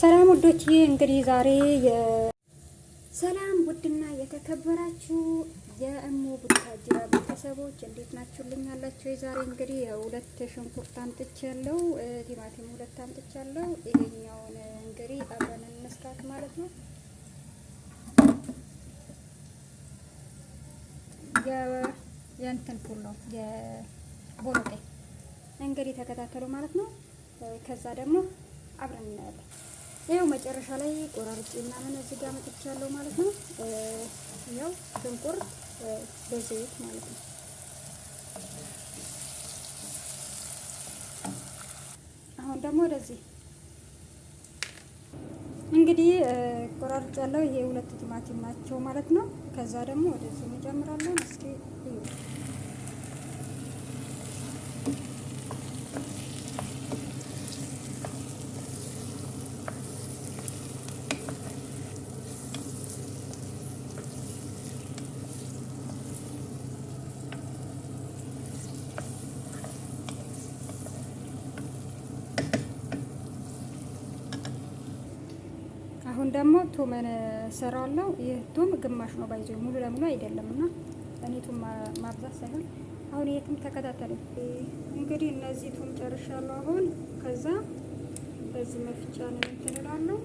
ሰላም ውዶችዬ እንግዲህ ዛሬ ሰላም ውድና የተከበራችሁ የእሞ ቡታጅራ ቤተሰቦች እንዴት ናችሁልኝ? ያላችሁ የዛሬ እንግዲህ ሁለት ሽንኩርት አምጥቻለሁ፣ ቲማቲም ሁለት አምጥቻለሁ። ይሄኛውን እንግዲህ አብረን እንስራት ማለት ነው። የእንትን ፉል ነው የቦሎቄ እንግዲህ ተከታተሉ ማለት ነው። ከዛ ደግሞ አብረን እናያለን። ያው መጨረሻ ላይ ቆራርጬ ምናምን እዚህ ጋር መጥቻለሁ ማለት ነው። ያው ሽንኩርት በዘይት ማለት ነው። አሁን ደግሞ ወደዚህ እንግዲህ ቆራርጫለሁ። ይሄ ሁለት ቲማቲም ናቸው ማለት ነው። ከዛ ደግሞ ወደዚህ እንጨምራለን እስኪ አሁን ደግሞ ቱምን ሰራለው። ይህ ቱም ግማሽ ነው ባይዞ ሙሉ ለሙሉ አይደለም እና እኔ ቱም ማብዛት ሳይሆን አሁን የትም ተከታተለ። እንግዲህ እነዚህ ቱም ጨርሻለሁ። አሁን ከዛ በዚህ መፍጫ ነው የምትንላለው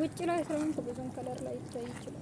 ውጭ ላይ ስለሆንኩ ብዙም ከለር ላይ ይታይ ይችላል።